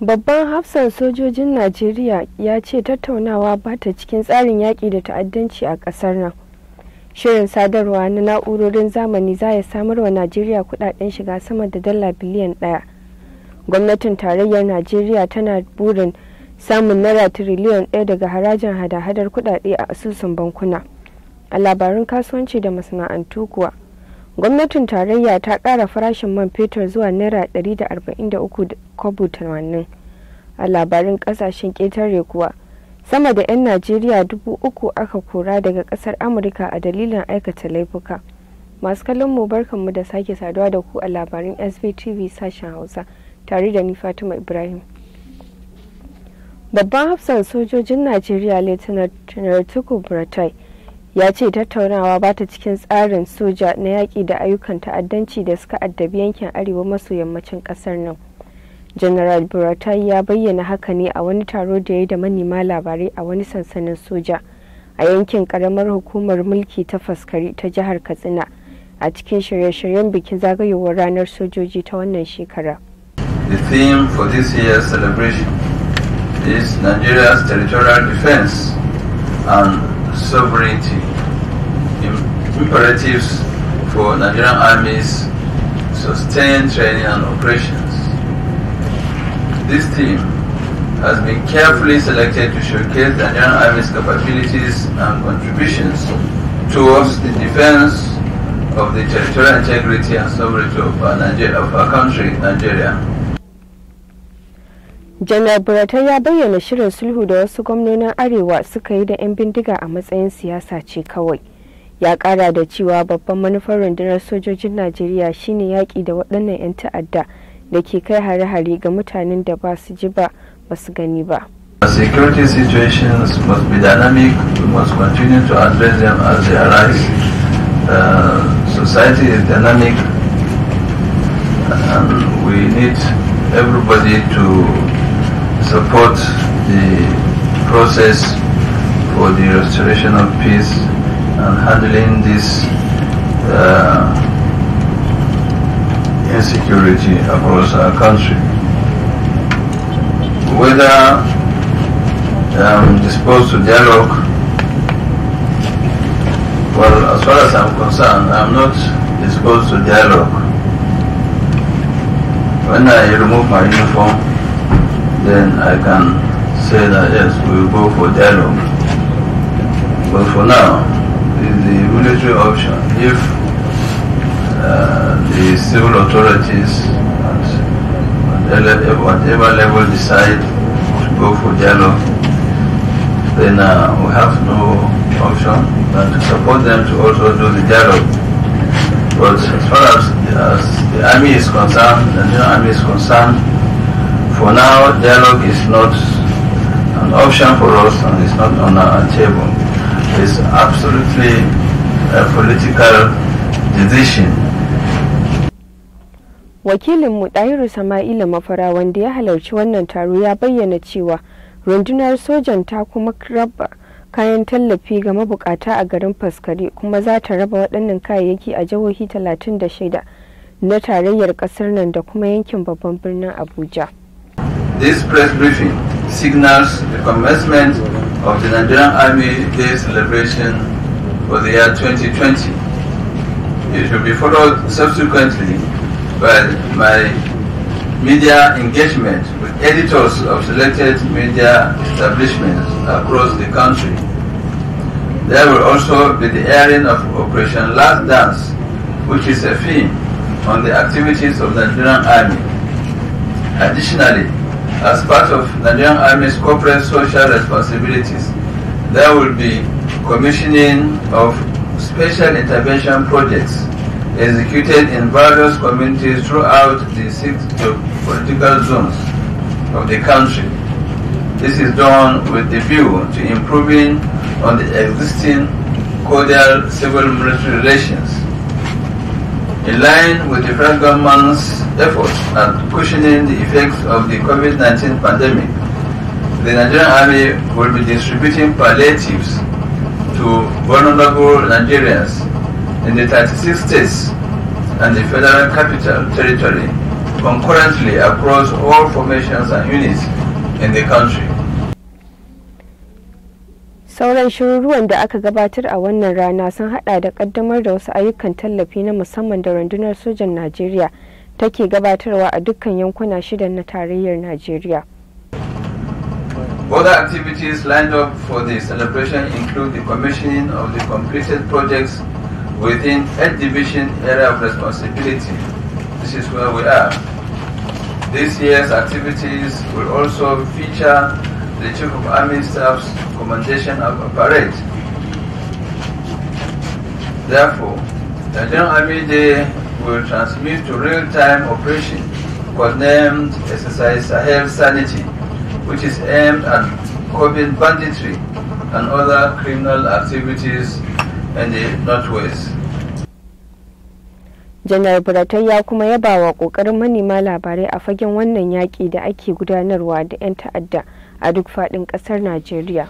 Babban hafsan sojojin Najeriya ya ce tattaunawa ba ta cikin tsarin yaƙi da ta'addanci a ƙasar nan. Shirin sadarwa na na'urorin zamani za ya samar wa Najeriya kudaden shiga sama da dala biliyan ɗaya. gwamnatin tarayyar najeriya tana burin samun naira tiriliyan ɗaya daga harajin hada-hadar kuɗaɗe a asusun bankuna a labarun kasuwanci da masana'antu kuwa gwamnatin tarayya ta ƙara farashin man fetur zuwa naira 143.80 a labarin ƙasashen ƙetare kuwa sama da 'yan najeriya dubu uku aka kora daga ƙasar amurka a dalilin aikata laifuka masu kallon mu barkanmu da sake saduwa da ku a labarin sbtv sashen hausa tare da ni fatima ibrahim babban hafsan sojojin najeriya lieutenant general tukur buratai ya ce tattaunawa ba ta cikin tsarin soja na yaƙi da ayyukan ta'addanci da suka addabi yankin arewa maso yammacin ƙasar nan general buratai ya bayyana haka ne a wani taro da ya yi da manema labarai a wani sansanin soja a yankin karamar hukumar mulki ta faskari ta jihar katsina a cikin shirye-shiryen bikin zagayowar ranar sojoji ta wannan shekara. The theme for this year's celebration is Nigeria's territorial defense and sovereignty, imperatives for Nigerian armies sustained training and operations. This theme has been carefully selected to showcase the Nigerian Army's capabilities and contributions towards the defense of the territorial integrity and sovereignty of our, Niger- of our country, Nigeria. janar buratai ya bayyana shirin sulhu da wasu gwamnonin arewa suka yi da 'yan bindiga a matsayin siyasa ce kawai ya kara da cewa babban manufar rundunar sojojin najeriya shine yaƙi da waɗannan 'yan ta'adda da ke kai hare-hare ga mutanen da ba su ji ba ba su gani ba uh, everybody to support the process for the restoration of peace and handling this uh, insecurity across our country. Whether I'm um, disposed to dialogue, well, as far as I'm concerned, I'm not disposed to dialogue. When I remove my uniform, then I can say that yes, we will go for dialogue. But for now, is the military option. If uh, the civil authorities at, whatever level decide to go for dialogue, then uh, we have no option but to support them to also do the dialogue. But as far as, as the army is concerned, the Nigerian army is concerned, For now, dialogue is not an option for us and it's not on our table. It's absolutely a political decision. Wakilinmu Ɗahiru Sama'ila Mafara wanda ya halarci wannan taro ya bayyana cewa rundunar sojan ta kuma raba kayan tallafi ga mabukata a garin faskare kuma za ta raba waɗannan kayayyaki a jihohi 36 na tarayyar ƙasar nan da kuma yankin babban birnin abuja This press briefing signals the commencement of the Nigerian Army Day celebration for the year 2020. It will be followed subsequently by my media engagement with editors of selected media establishments across the country. There will also be the airing of Operation Last Dance, which is a film on the activities of the Nigerian Army. Additionally, as part of Nigerian Army's corporate social responsibilities, there will be commissioning of special intervention projects executed in various communities throughout the six political zones of the country. This is done with the view to improving on the existing cordial civil military relations in line with the federal government's efforts at cushioning the effects of the COVID-19 pandemic, the Nigerian Army will be distributing palliatives to vulnerable Nigerians in the 36 states and the federal capital territory concurrently across all formations and units in the country. sauran shiruruwan da aka gabatar a wannan rana sun hada da kaddamar da wasu ayyukan tallafi na musamman da rundunar sojan najeriya take gabatarwa a dukkan yankuna shida na tarayyar najeriya Other activities lined up for the celebration include the commissioning of the completed projects within head division area of responsibility. This is where we are. This year's activities will also feature the Chief of Army Staff's Commandation of a Parade. Therefore, the Nigerian Army Day will transmit to real-time operation was named Exercise Sahel Sanity, which is aimed at curbing banditry and other criminal activities in the Northwest. janar buratai ya kuma yaba wa kokarin manema labarai a fagen wannan yaƙi da ake gudanarwa da 'yan ta'adda a duk Najeriya.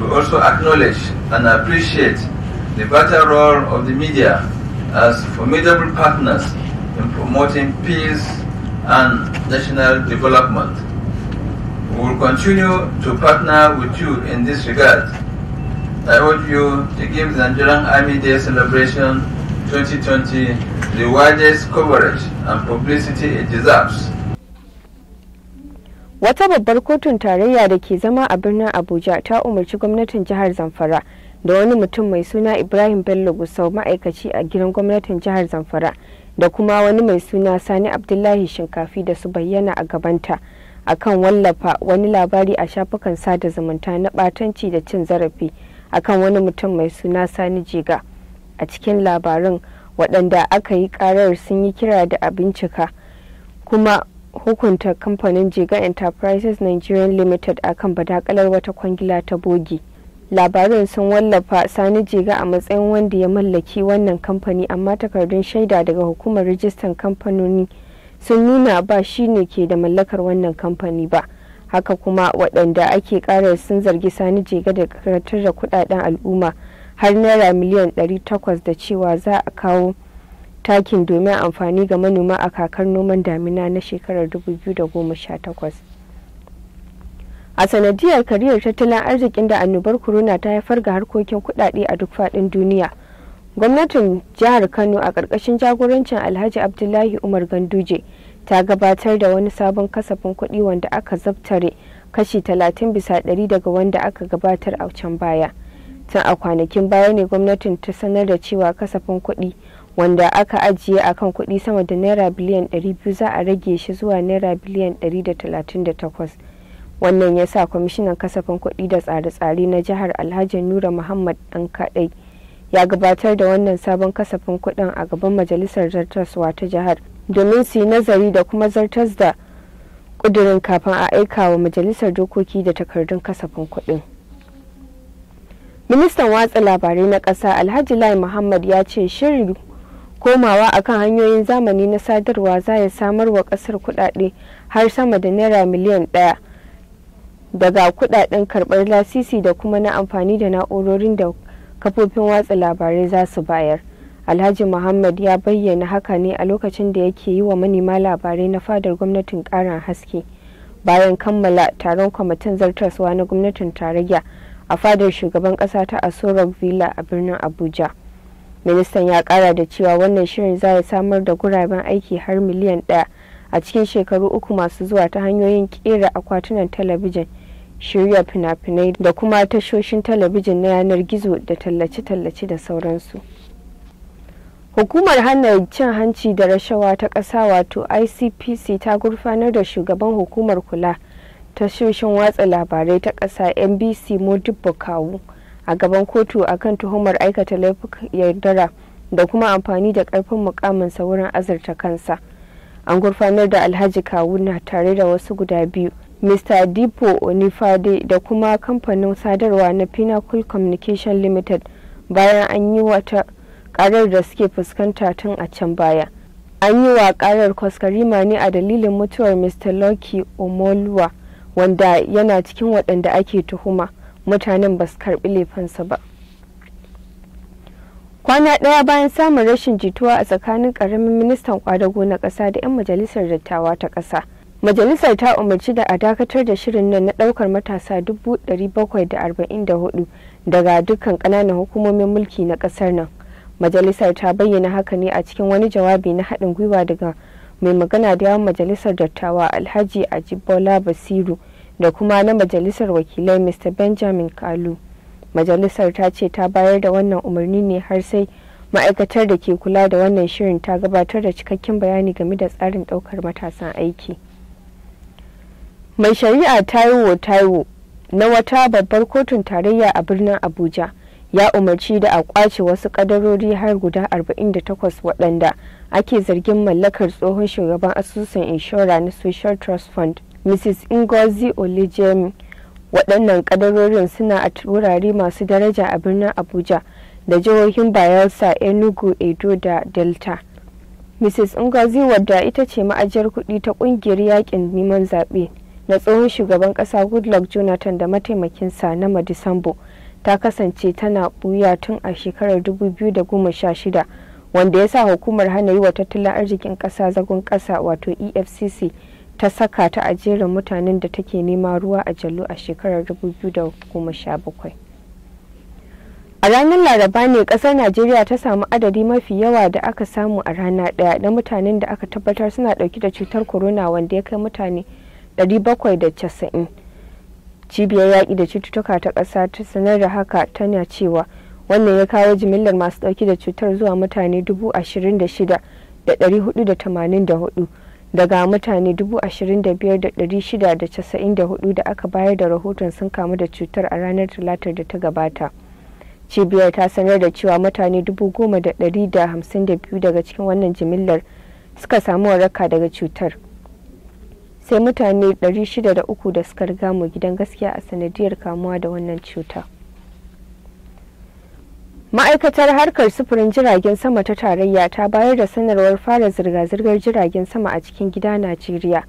We also acknowledge and appreciate the vital role of the media as formidable partners in promoting peace and national development. We will continue to partner with you in this regard. I urge you to give the Nigerian Army Day celebration 2020 the widest coverage and publicity it deserves. wata babbar kotun tarayya da ke zama a birnin abuja ta umarci gwamnatin jihar zamfara da wani mutum mai suna ibrahim bello gusau ma'aikaci a gidan gwamnatin jihar zamfara da kuma wani mai suna sani abdullahi shinkafi da su bayyana a gabanta akan wallafa wani labari a shafukan sada zumunta na batanci da cin zarafi akan wani mutum mai suna sani jiga a cikin labarin waɗanda aka yi karar sun yi kira da a bincika kuma hukunta kamfanin jiga enterprises nigerian limited a akan badakalar wata kwangila ta bogi labarin sun wallafa sani jiga a matsayin wanda ya mallaki wannan kamfani amma takardun shaida daga hukumar rijistan kamfanoni sun nuna ba shi ne ke da mallakar wannan kamfani ba haka kuma waɗanda ake ƙara sun zargi sani jiga da karatar da kudaden al'umma har naira miliyan 800 da cewa za a kawo takin domin amfani ga manoma a kakar noman damina na shekarar 2018 a sanadiyar kariyar tattalin arzikin da annobar corona ta haifar ga harkokin kudade a duk fadin duniya gwamnatin jihar kano a ƙarƙashin jagorancin alhaji abdullahi umar ganduje ta gabatar da wani sabon kasafin kuɗi wanda aka zabtare kashi 30 bisa 100 daga wanda aka gabatar a can baya tun a kwanakin baya ne gwamnatin ta sanar da cewa kasafin kuɗi wanda aka ajiye a kan kudi sama da naira biliyan 200 za a rage shi zuwa naira biliyan 138 wannan ya sa kwamishinan kasafin kudi da tsare-tsare na jihar alhaji nura muhammad ɗan kaɗai ya gabatar da wannan sabon kasafin kuɗin a gaban majalisar zartaswa ta jihar domin su yi nazari da kuma zartas da ƙudurin kafin a aika wa majalisar dokoki da takardun kasafin kudin ministan watsa labarai na kasa alhaji lai muhammad ya ce shirin komawa akan hanyoyin zamani na sadarwa za ya samar wa kasar kudade har sama da naira miliyan daya daga kudaden karbar lasisi da kuma na amfani da na'urorin da kafofin watsa labarai za su bayar alhaji muhammad ya bayyana haka ne a lokacin da yake yi wa manema labarai na fadar gwamnatin karan haske bayan kammala taron kwamitin zartaswa na gwamnatin tarayya a fadar shugaban kasa ta asorok villa a birnin abuja ministan ya kara da cewa wannan shirin za ya samar da guraben aiki har miliyan ɗaya a cikin shekaru uku masu zuwa ta hanyoyin kera akwatunan talabijin shirya fina-finai da kuma tashoshin talabijin na yanar gizo da tallace-tallace da sauransu hukumar hana cin hanci da rashawa ta ƙasa wato icpc ta gurfanar da shugaban hukumar kula tashoshin watsa labarai ta ƙasa nbc modibo kawu a gaban kotu akan tuhumar aikata laifukan yaudara da kuma amfani da karfin mukaminsa wurin azurta kansa an gurfanar da alhaji kawu na tare da wasu guda biyu mr dipo onifade da kuma kamfanin sadarwa na pinnacle communication limited bayan an yi wata karar da suke fuskanta tun a can baya an yi wa karar kwaskarima ne a dalilin mutuwar mr lucky omoluwa wanda yana cikin waɗanda ake tuhuma. mutanen ba su karbi laifinsa ba kwana daya bayan samun rashin jituwa a tsakanin karamin ministan kwadago na kasa da 'yan majalisar dattawa ta kasa majalisar ta umarci da a dakatar da shirin nan na daukar matasa 744 daga dukkan kananan hukumomin mulki na kasar nan majalisar ta bayyana haka ne a cikin wani jawabi na haɗin gwiwa daga mai magana da yawan majalisar dattawa alhaji ajibola basiru da kuma na majalisar wakilai mr benjamin kalu majalisar ta ce ta bayar da wannan umarni ne har sai ma'aikatar da ke kula da wannan shirin ta gabatar da cikakken bayani game da tsarin daukar matasan aiki mai shari'a taiwo taiwo na wata babbar kotun tarayya a birnin abuja ya umarci da a kwace wasu kadarori har guda 48 waɗanda ake zargin mallakar tsohon shugaban asusun inshora na social trust fund mrs ngozi olejemi waɗannan ƙadarorin suna a wurare masu daraja a birnin abuja da jihohin bayelsa enugu edo da delta mrs ngozi wadda ita ce ma'ajiyar kuɗi ta ƙungiyar yakin neman zaɓe na tsohon shugaban ƙasa goodluck jonathan da mataimakinsa na madisambo ta kasance tana ɓuya tun a shekarar 2016 wanda ya sa hukumar hana yi wa tattalin arzikin ƙasa zagon ƙasa wato efcc ta saka ta a mutanen da take nema ruwa a jallo a shekarar 2017 a ranar laraba ne kasar najeriya ta samu adadi mafi yawa da aka samu a rana daya na mutanen da aka tabbatar suna dauke da cutar corona wanda ya kai mutane 790 cibiyar yaƙi da cututtuka ta ƙasa ta sanar da haka tana cewa wannan ya kawo jimillar masu dauke da cutar zuwa mutane 26,484 daga mutane 25,694 da aka bayar da rahoton sun kamu da cutar a ranar talatar da ta gabata cibiyar ta sanar da cewa mutane 10,152 daga cikin wannan jimillar suka samu waraka daga cutar sai mutane 603 da suka riga mu gidan gaskiya a sanadiyar kamuwa da wannan cuta. ma'aikatar harkar sufurin jiragen sama ta tarayya ta bayar da sanarwar fara zirga-zirgar jiragen sama a cikin gida najeriya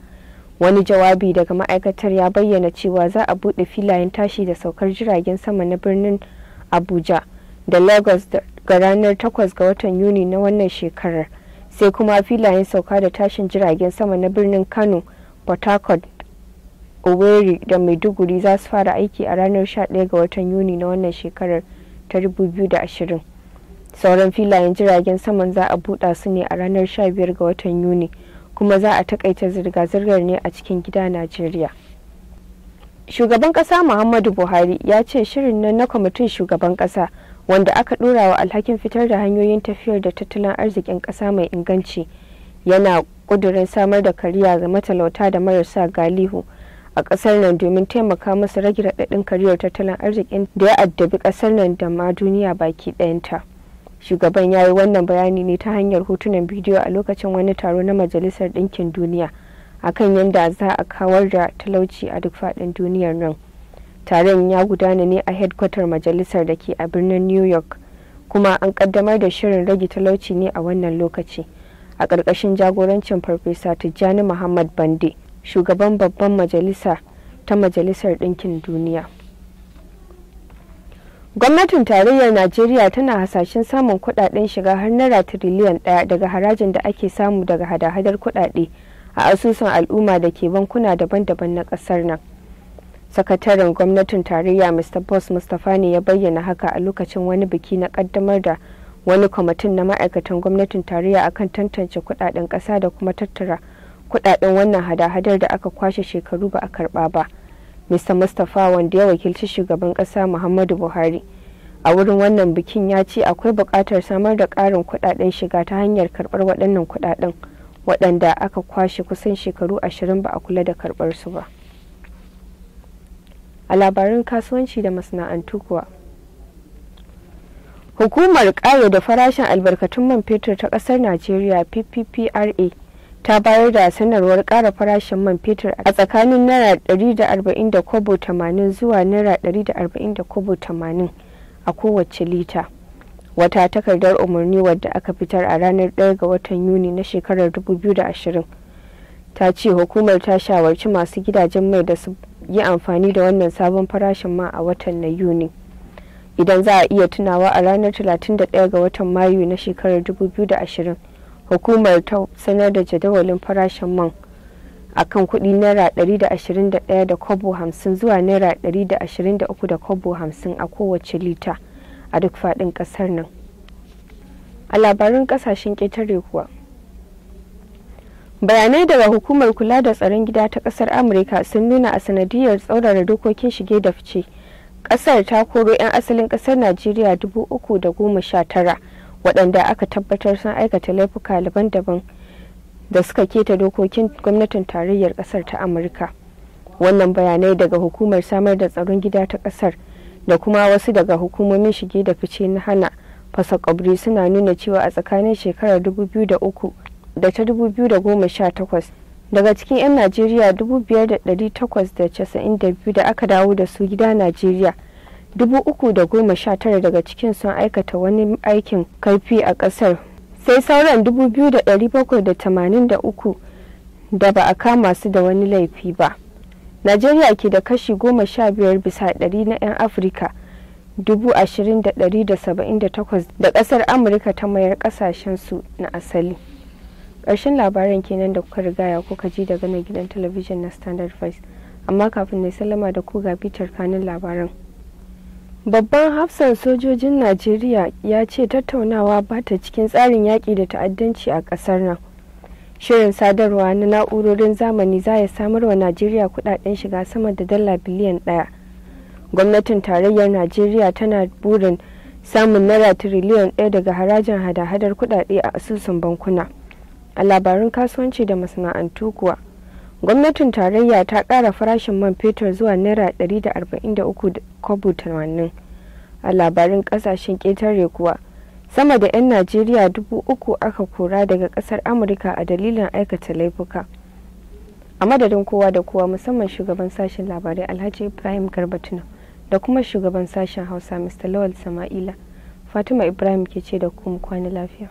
wani jawabi daga ma'aikatar ya bayyana cewa za a buɗe filayen tashi da saukar jiragen sama na birnin abuja da lagos ga ranar 8 ga watan yuni na wannan shekarar sai kuma filayen sauka da tashin jiragen sama na birnin kano port harcourt oweri da maiduguri za su fara aiki a ranar 11 ga watan yuni na wannan shekarar ta ashirin sauran filayen jiragen saman za a buɗa su ne a ranar sha biyar ga watan yuni kuma za a takaita zirga-zirgar ne a cikin gida najeriya shugaban kasa muhammadu buhari ya ce shirin nan na kwamitin shugaban kasa wanda aka ɗora wa alhakin fitar da hanyoyin tafiyar da tattalin arzikin kasa mai inganci yana ƙudurin samar da kariya ga matalauta da marasa galihu a kasar nan domin taimaka musu rage raɗaɗin kariyar tattalin arzikin da ya addabi kasar nan da ma duniya baki ɗayanta shugaban ya yi wannan bayani ne ta hanyar hotunan bidiyo a lokacin wani taro na majalisar ɗinkin duniya akan yadda za a kawar da talauci a duk faɗin duniyar nan taron ya gudana ne a hedkwatar majalisar da ke a birnin new york kuma an kaddamar da shirin rage talauci ne a wannan lokaci a ƙarƙashin jagorancin farfesa tijjani muhammad bande shugaban babban majalisa ta majalisar ɗinkin duniya gwamnatin tarayyar najeriya tana hasashen samun kudaden shiga har naira tiriliyan ɗaya daga harajin da ake samu daga hada-hadar kudade a asusun al'umma da ke bankuna daban-daban na kasar nan sakataren gwamnatin tarayya mr boss mustapha ne ya bayyana haka a lokacin wani biki na kaddamar da wani kwamitin na ma'aikatan gwamnatin tarayya akan tantance kudaden kasa da kuma tattara kudaden wannan hada-hadar da aka kwashe shekaru ba a karba ba mr mustapha wanda ya wakilci shugaban kasa muhammadu buhari a wurin wannan bikin ya ce akwai buƙatar samar da ƙarin kudaden shiga ta hanyar karbar waɗannan kudaden waɗanda aka kwashe kusan shekaru ashirin ba a kula da karbar su ba a labarin kasuwanci da masana'antu kuwa hukumar ƙara da farashin albarkatun man fetur ta ƙasar najeriya pppra ta bayar da sanarwar kara farashin man fetur a tsakanin naira 140 da kobo tamanin zuwa naira 140 da kobo tamanin a kowace lita wata takardar umarni wadda aka fitar a ranar 1 ga watan yuni na shekarar 2020 ta ce hukumar ta shawarci masu gidajen mai da su yi amfani da wannan sabon farashin ma a watan na yuni idan za a iya tunawa a ranar 31 ga watan mayu na shekarar 2020 hukumar ta sanar da jadawalin farashin man a kan kudi naira 121 da kobo 50 zuwa naira 123 da kobo 50 a kowace lita a duk fadin kasar nan a labarin kasashen ƙetare kuwa bayanai daga hukumar kula da tsaron gida ta kasar amurka sun nuna a sanadiyar tsaurara dokokin shige da fice kasar ta koro 'yan asalin ƙasar najeriya 319 waɗanda aka tabbatar sun aikata laifuka daban-daban da suka keta dokokin gwamnatin tarayyar ƙasar ta amurka wannan bayanai daga hukumar samar da tsaron gida ta ƙasar da kuma wasu daga hukumomin shige da fice na hana fasa ƙabri suna nuna cewa a tsakanin shekarar 2003 da ta 2018 daga cikin 'yan najeriya 5,892 da aka dawo da su gida najeriya dubu uku da goma sha tara daga cikin sun aikata wani aikin karfi a kasar sai sauran dubu biyu da dari bakwai da tamanin da uku da ba a kama su da wani laifi ba najeriya ke da kashi goma sha biyar bisa ɗari na 'yan afirka dubu ashirin da kasar da ƙasar amurka ta mayar su na asali ƙarshen labaran kenan da kuka rigaya kuka ji daga na gidan talabijin na standard voice amma kafin na sallama da ku ga bitar kanin labaran babban hafsan sojojin najeriya ya ce tattaunawa ba ta cikin tsarin yaƙi da ta'addanci a ƙasar nan shirin sadarwa na na'urorin zamani za ya samar wa najeriya kudaden shiga sama da dala biliyan ɗaya gwamnatin tarayyar najeriya tana burin samun naira tiriliyan ɗaya daga harajin hada-hadar kudade a asusun bankuna a labarun kasuwanci da masana'antu kuwa gwamnatin tarayya ta ƙara farashin man fetur zuwa naira 143.80 a labarin kasashen ƙetare kuwa sama da 'yan najeriya dubu uku aka kora daga ƙasar amurka a dalilin aikata laifuka a madadin kowa da kowa musamman shugaban sashen labarai alhaji ibrahim garbatuna da kuma shugaban sashen hausa mr lawal sama'ila fatima ibrahim ke ce da kuma kwana lafiya